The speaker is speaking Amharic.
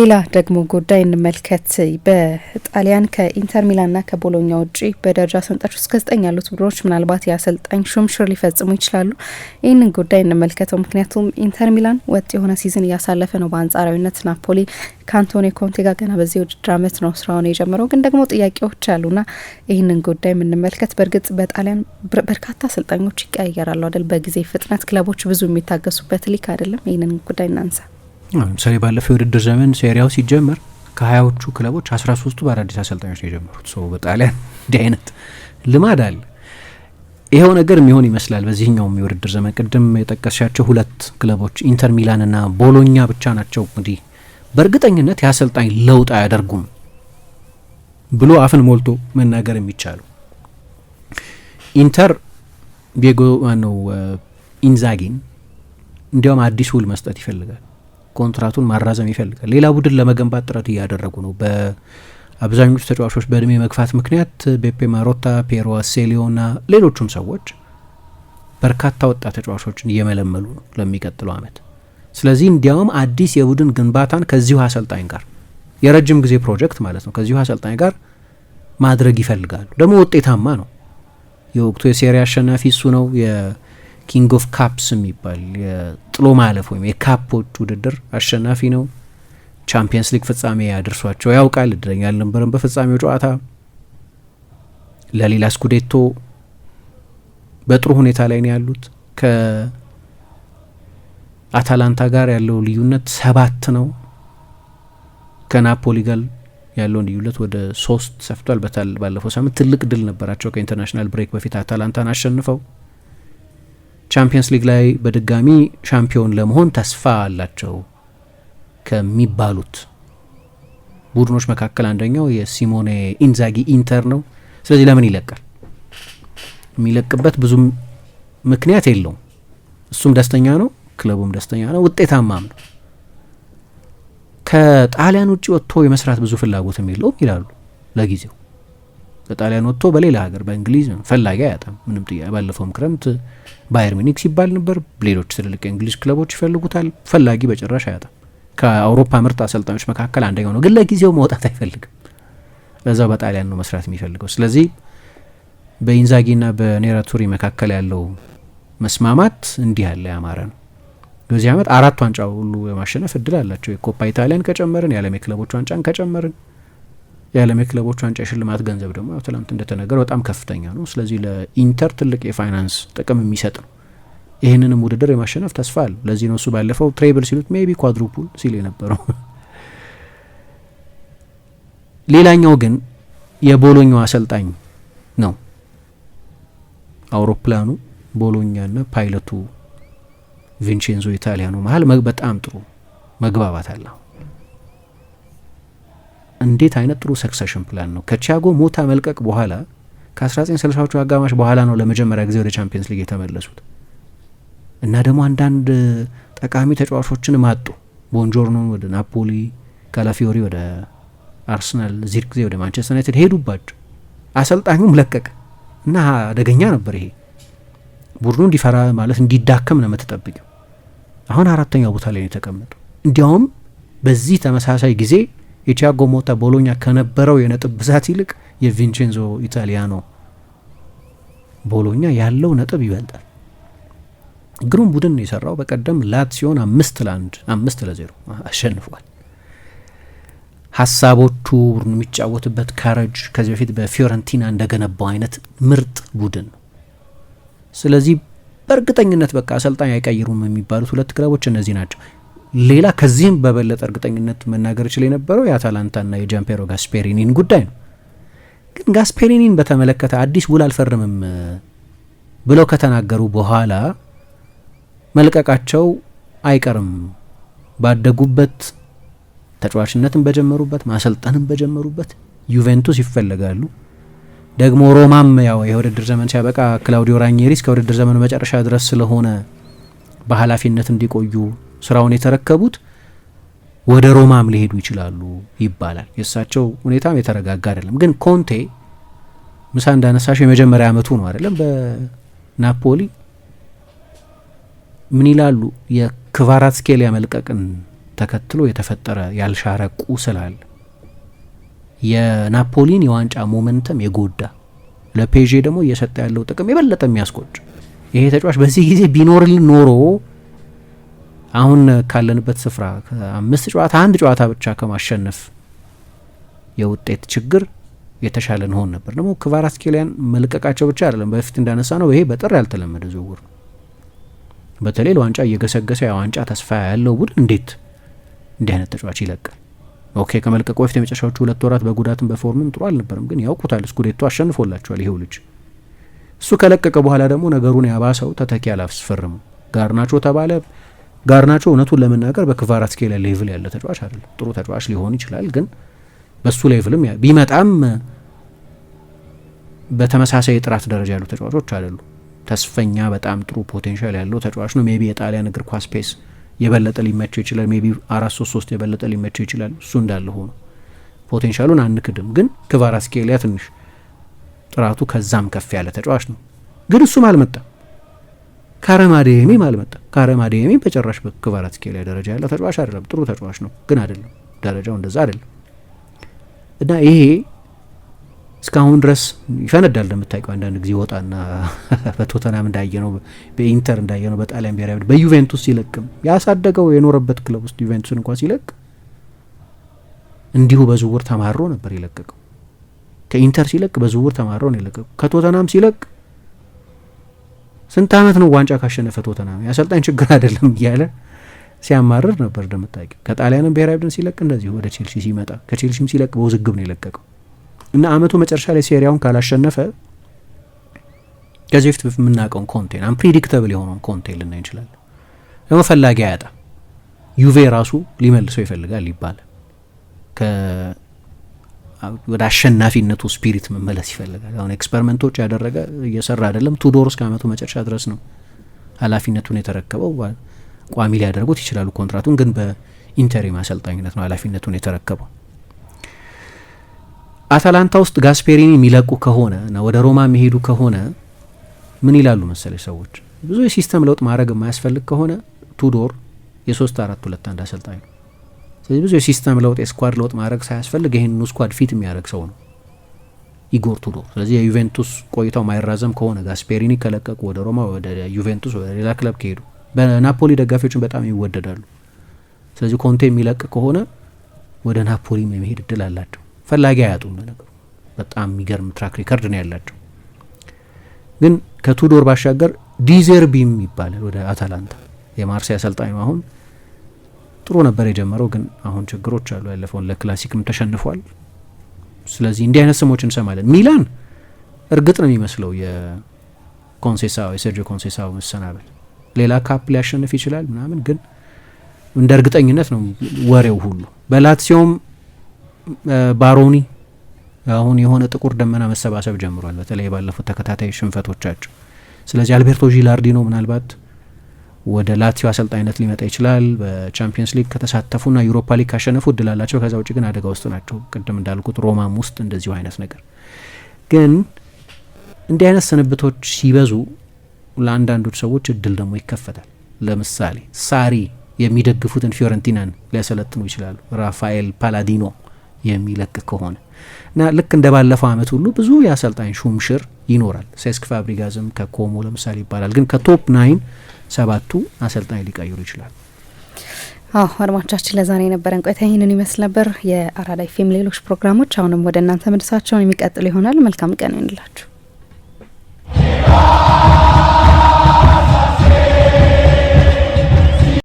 ሌላ ደግሞ ጉዳይ እንመልከት። በጣሊያን ከኢንተር ሚላንና ከቦሎኛ ውጪ በደረጃ ሰንጠረዥ ውስጥ ከዘጠኝ ያሉት ቡድኖች ምናልባት የአሰልጣኝ ሹምሽር ሊፈጽሙ ይችላሉ። ይህንን ጉዳይ እንመልከተው። ምክንያቱም ኢንተር ሚላን ወጥ የሆነ ሲዝን እያሳለፈ ነው። በአንጻራዊነት ናፖሊ ከአንቶኒ ኮንቴ ጋር ገና በዚህ ውድድር አመት ነው ስራውን የጀመረው፣ ግን ደግሞ ጥያቄዎች አሉና ይህንን ጉዳይ የምንመልከት። በእርግጥ በጣሊያን በርካታ አሰልጣኞች ይቀያየራሉ አይደል? በጊዜ ፍጥነት ክለቦች ብዙ የሚታገሱበት ሊክ አይደለም። ይህንን ጉዳይ እናንሳ። ለምሳሌ ባለፈው የውድድር ዘመን ሴሪያው ሲጀመር ከሀያዎቹ ክለቦች አስራ ሶስቱ በአዳዲስ አሰልጣኞች ነው የጀመሩት። ሰው በጣሊያን እንዲህ አይነት ልማድ አለ። ይኸው ነገር የሚሆን ይመስላል በዚህኛውም የውድድር ዘመን። ቅድም የጠቀስሻቸው ሁለት ክለቦች ኢንተር ሚላን እና ቦሎኛ ብቻ ናቸው እንግዲህ በእርግጠኝነት የአሰልጣኝ ለውጥ አያደርጉም ብሎ አፍን ሞልቶ መናገር የሚቻሉ ኢንተር ዲየጎ ማነው ኢንዛጊን እንዲያውም አዲስ ውል መስጠት ይፈልጋል። ኮንትራቱን ማራዘም ይፈልጋል። ሌላ ቡድን ለመገንባት ጥረት እያደረጉ ነው። በአብዛኞቹ ተጫዋቾች በእድሜ መግፋት ምክንያት ቤፔ ማሮታ፣ ፔሮ አሴሊዮ ና ሌሎቹም ሰዎች በርካታ ወጣት ተጫዋቾችን እየመለመሉ ነው ለሚቀጥለው አመት። ስለዚህ እንዲያውም አዲስ የቡድን ግንባታን ከዚሁ አሰልጣኝ ጋር የረጅም ጊዜ ፕሮጀክት ማለት ነው ከዚሁ አሰልጣኝ ጋር ማድረግ ይፈልጋሉ። ደግሞ ውጤታማ ነው። የወቅቱ የሴሪ አሸናፊ እሱ ነው። ኪንግ ኦፍ ካፕስ የሚባል የጥሎ ማለፍ ወይም የካፖች ውድድር አሸናፊ ነው። ቻምፒየንስ ሊግ ፍጻሜ ያደርሷቸው ያውቃል። እድለኛ አልነበረም በፍጻሜው ጨዋታ። ለሌላ ስኩዴቶ በጥሩ ሁኔታ ላይ ነው ያሉት። ከአታላንታ ጋር ያለው ልዩነት ሰባት ነው። ከናፖሊ ጋር ያለውን ልዩነት ወደ ሶስት ሰፍቷል። ባለፈው ሳምንት ትልቅ ድል ነበራቸው ከኢንተርናሽናል ብሬክ በፊት አታላንታን አሸንፈው ቻምፒየንስ ሊግ ላይ በድጋሚ ሻምፒዮን ለመሆን ተስፋ አላቸው ከሚባሉት ቡድኖች መካከል አንደኛው የሲሞኔ ኢንዛጊ ኢንተር ነው። ስለዚህ ለምን ይለቃል? የሚለቅበት ብዙም ምክንያት የለውም። እሱም ደስተኛ ነው፣ ክለቡም ደስተኛ ነው፣ ውጤታማም ነው። ከጣሊያን ውጭ ወጥቶ የመስራት ብዙ ፍላጎትም የለውም ይላሉ። ለጊዜው ከጣሊያን ወጥቶ በሌላ ሀገር በእንግሊዝ ፈላጊ አያጣም። ምንም ጥያቄ ባለፈውም ክረምት ባየር ሚኒክ ሲባል ነበር። ሌሎች ትልልቅ የእንግሊዝ ክለቦች ይፈልጉታል። ፈላጊ በጭራሽ አያጣም። ከአውሮፓ ምርጥ አሰልጣኞች መካከል አንደኛው ነው፣ ግን ለጊዜው መውጣት አይፈልግም። ለዛው በጣሊያን ነው መስራት የሚፈልገው። ስለዚህ በኢንዛጊና በኔራቱሪ መካከል ያለው መስማማት እንዲህ ያለ ያማረ ነው። በዚህ አመት አራት ዋንጫ ሁሉ የማሸነፍ እድል አላቸው። የኮፓ ኢታሊያን ከጨመርን የዓለም የክለቦች ዋንጫን ከጨመርን የዓለም የክለቦች ዋንጫ የሽልማት ገንዘብ ደግሞ ያው ትላንት እንደተነገረ በጣም ከፍተኛ ነው። ስለዚህ ለኢንተር ትልቅ የፋይናንስ ጥቅም የሚሰጥ ነው። ይህንንም ውድድር የማሸነፍ ተስፋ አለ ለዚህ ነው እሱ ባለፈው ትሬብል ሲሉት ሜቢ ኳድሩፑል ሲል የነበረው። ሌላኛው ግን የቦሎኛው አሰልጣኝ ነው። አውሮፕላኑ ቦሎኛና ፓይለቱ ቪንቼንዞ ኢታሊያኖ መሀል በጣም ጥሩ መግባባት አለው። እንዴት አይነት ጥሩ ሰክሰሽን ፕላን ነው። ከቲያጎ ሞታ መልቀቅ በኋላ ከ1960ዎቹ አጋማሽ በኋላ ነው ለመጀመሪያ ጊዜ ወደ ቻምፒየንስ ሊግ የተመለሱት እና ደግሞ አንዳንድ ጠቃሚ ተጫዋቾችን ማጡ። ቦንጆርኖ ወደ ናፖሊ፣ ካላፊዮሪ ወደ አርሰናል፣ ዚር ጊዜ ወደ ማንቸስተር ዩናይትድ ሄዱባቸው። አሰልጣኙም ለቀቀ እና አደገኛ ነበር ይሄ ቡድኑ እንዲፈራ ማለት እንዲዳከም ነው የምትጠብቂው። አሁን አራተኛ ቦታ ላይ ነው የተቀመጡ። እንዲያውም በዚህ ተመሳሳይ ጊዜ የቲያጎ ሞታ ቦሎኛ ከነበረው የነጥብ ብዛት ይልቅ የቪንቼንዞ ኢታሊያኖ ቦሎኛ ያለው ነጥብ ይበልጣል። ግሩም ቡድን ነው የሰራው። በቀደም ላትሲዮን አምስት ለአንድ አምስት ለዜሮ አሸንፏል። ሀሳቦቹ የሚጫወትበት ካረጅ ከዚህ በፊት በፊዮረንቲና እንደገነባው አይነት ምርጥ ቡድን ነው። ስለዚህ በእርግጠኝነት በቃ አሰልጣኝ አይቀይሩም የሚባሉት ሁለት ክለቦች እነዚህ ናቸው። ሌላ ከዚህም በበለጠ እርግጠኝነት መናገር ይችል የነበረው የአታላንታና የጃምፔሮ ጋስፔሪኒን ጉዳይ ነው። ግን ጋስፔሪኒን በተመለከተ አዲስ ውል አልፈርምም ብለው ከተናገሩ በኋላ መልቀቃቸው አይቀርም። ባደጉበት ተጫዋችነትን በጀመሩበት ማሰልጠንም በጀመሩበት ዩቬንቱስ ይፈለጋሉ። ደግሞ ሮማም ያው የውድድር ዘመን ሲያበቃ ክላውዲዮ ራኒሪ እስከ ውድድር ዘመኑ መጨረሻ ድረስ ስለሆነ በኃላፊነት እንዲቆዩ ስራውን የተረከቡት ወደ ሮማም ሊሄዱ ይችላሉ ይባላል። የእሳቸው ሁኔታም የተረጋጋ አይደለም። ግን ኮንቴ ምሳ እንዳነሳሽ የመጀመሪያ አመቱ ነው አይደለም በናፖሊ ምን ይላሉ? የክቫራትስኬሊያ መልቀቅን ተከትሎ የተፈጠረ ያልሻረ ቁስል አለ። የናፖሊን የዋንጫ ሞመንተም የጎዳ ለፔዤ ደግሞ እየሰጠ ያለው ጥቅም የበለጠ የሚያስቆጭ ይሄ ተጫዋች በዚህ ጊዜ ቢኖርል ኖሮ አሁን ካለንበት ስፍራ አምስት ጨዋታ አንድ ጨዋታ ብቻ ከማሸነፍ የውጤት ችግር የተሻለ እንሆን ነበር። ደግሞ ክቫራትስኬሊያን መልቀቃቸው ብቻ አይደለም፣ በፊት እንዳነሳ ነው ይሄ በጥር ያልተለመደ ዝውውር ነው። በተለይ ለዋንጫ እየገሰገሰ የዋንጫ ተስፋ ያለው ቡድን እንዴት እንዲህ አይነት ተጫዋች ይለቃል? ኦኬ ከመልቀቁ በፊት የመጨረሻዎቹ ሁለት ወራት በጉዳትም በፎርምም ጥሩ አልነበርም፣ ግን ያውቁታል። ስኩዴቶ አሸንፎላቸዋል። ይሄው ልጅ እሱ ከለቀቀ በኋላ ደግሞ ነገሩን ያባሰው ተተኪ አላስፈርሙ ጋርናቾ ተባለ። ጋርናቾ እውነቱን ለመናገር በክቫራትስኬሊያ ሌቭል ያለ ተጫዋች አይደለም። ጥሩ ተጫዋች ሊሆን ይችላል፣ ግን በሱ ሌቭልም ቢመጣም በተመሳሳይ የጥራት ደረጃ ያሉ ተጫዋቾች አይደሉ። ተስፈኛ፣ በጣም ጥሩ ፖቴንሻል ያለው ተጫዋች ነው። ሜቢ የጣሊያን እግር ኳስ ፔስ የበለጠ ሊመቸው ይችላል። ሜቢ አራት ሶስት ሶስት የበለጠ ሊመቸው ይችላል። እሱ እንዳለ ሆኖ ፖቴንሻሉን አንክድም፣ ግን ክቫራትስኬሊያ ትንሽ ጥራቱ ከዛም ከፍ ያለ ተጫዋች ነው፣ ግን እሱም አልመጣም። ካረማዴሚ አልመጣ። ካረማዴሚ በጨራሽ በክቫራትስኬሊያ ደረጃ ያለ ተጫዋች አይደለም። ጥሩ ተጫዋች ነው ግን አይደለም፣ ደረጃው እንደዛ አይደለም። እና ይሄ እስካሁን ድረስ ይፈነዳል። እንደምታውቀው አንዳንድ ጊዜ ወጣና በቶተናም ነው፣ በኢንተር እንዳየነው፣ በጣሊያን ብሔራዊ በዩቬንቱስ ሲለቅም ያሳደገው የኖረበት ክለብ ውስጥ ዩቬንቱስን እንኳን ሲለቅ እንዲሁ በዝውውር ተማሮ ነበር የለቀቀው። ከኢንተር ሲለቅ በዝውውር ተማሮ ነው የለቀቀው። ከቶተናም ሲለቅ ስንት ዓመት ነው ዋንጫ ካሸነፈ ቶተናም የአሰልጣኝ ችግር አይደለም እያለ ሲያማርር ነበር። እንደምታውቂው ከጣሊያንም ብሔራዊ ቡድን ሲለቅ እንደዚሁ ወደ ቼልሲ ሲመጣ ከቼልሲም ሲለቅ በውዝግብ ነው የለቀቀው እና አመቱ መጨረሻ ላይ ሴሪያውን ካላሸነፈ ከዚህ በፊት የምናውቀውን ኮንቴን አንፕሪዲክተብል የሆነውን ኮንቴን ልናይ እንችላለን። ደግሞ ፈላጊ አያጣ ዩቬ ራሱ ሊመልሰው ይፈልጋል ይባላል። ወደ አሸናፊነቱ ስፒሪት መመለስ ይፈልጋል። አሁን ኤክስፐሪመንቶች ያደረገ እየሰራ አይደለም። ቱዶር እስከ አመቱ መጨረሻ ድረስ ነው ኃላፊነቱን የተረከበው። ቋሚ ሊያደርጉት ይችላሉ ኮንትራቱን፣ ግን በኢንተሪም አሰልጣኝነት ነው ኃላፊነቱን የተረከበው። አታላንታ ውስጥ ጋስፔሪኒ የሚለቁ ከሆነ እና ወደ ሮማ የሚሄዱ ከሆነ ምን ይላሉ መሰለኝ ሰዎች ብዙ የሲስተም ለውጥ ማድረግ የማያስፈልግ ከሆነ ቱዶር የሶስት አራት ሁለት አንድ አሰልጣኝ ነው። ስለዚህ ብዙ የሲስተም ለውጥ የስኳድ ለውጥ ማድረግ ሳያስፈልግ ይህንኑ ስኳድ ፊት የሚያደርግ ሰው ነው ኢጎር ቱዶር ስለዚህ የዩቬንቱስ ቆይታው ማይራዘም ከሆነ ጋስፔሪኒ ከለቀቁ ወደ ሮማ፣ ወደ ዩቬንቱስ፣ ወደ ሌላ ክለብ ከሄዱ በናፖሊ ደጋፊዎችን በጣም ይወደዳሉ። ስለዚህ ኮንቴ የሚለቅ ከሆነ ወደ ናፖሊ የመሄድ እድል አላቸው። ፈላጊ አያጡም። በነገሩ በጣም የሚገርም ትራክ ሪከርድ ነው ያላቸው። ግን ከቱዶር ባሻገር ዲዘርቢ ይባላል ወደ አታላንታ የማርሴይ አሰልጣኝ አሁን ጥሩ ነበር የጀመረው፣ ግን አሁን ችግሮች አሉ። ያለፈውን ለክላሲክም ተሸንፏል። ስለዚህ እንዲህ አይነት ስሞች እንሰማለን። ሚላን እርግጥ ነው የሚመስለው የኮንሴሳ የሰርጂዮ ኮንሴሳ መሰናበል ሌላ ካፕ ሊያሸንፍ ይችላል ምናምን፣ ግን እንደ እርግጠኝነት ነው ወሬው ሁሉ። በላትሲዮም ባሮኒ አሁን የሆነ ጥቁር ደመና መሰባሰብ ጀምሯል፣ በተለይ ባለፉት ተከታታይ ሽንፈቶቻቸው። ስለዚህ አልቤርቶ ጂላርዲኖ ምናልባት ወደ ላቲዮ አሰልጣኝነት ሊመጣ ይችላል። በቻምፒየንስ ሊግ ከተሳተፉና ዩሮፓ ሊግ ካሸነፉ እድል አላቸው። ከዛ ውጭ ግን አደጋ ውስጥ ናቸው። ቅድም እንዳልኩት ሮማም ውስጥ እንደዚሁ አይነት ነገር ግን እንዲህ አይነት ስንብቶች ሲበዙ ለአንዳንዶች ሰዎች እድል ደግሞ ይከፈታል። ለምሳሌ ሳሪ የሚደግፉትን ፊዮረንቲናን ሊያሰለጥኑ ይችላሉ። ራፋኤል ፓላዲኖ የሚለቅ ከሆነ እና ልክ እንደ ባለፈው ዓመት ሁሉ ብዙ የአሰልጣኝ ሹምሽር ይኖራል። ሴስክ ፋብሪጋዝም ከኮሞ ለምሳሌ ይባላል። ግን ከቶፕ ናይን ሰባቱ አሰልጣኝ ሊቀይሩ ይችላል። አዎ አድማጮቻችን ለዛሬ የነበረን ቆይታ ይህንን ይመስል ነበር። የአራዳ ኤፍ ኤም ሌሎች ፕሮግራሞች አሁንም ወደ እናንተ መልሳቸውን የሚቀጥሉ ይሆናል። መልካም ቀን ይሆንላችሁ።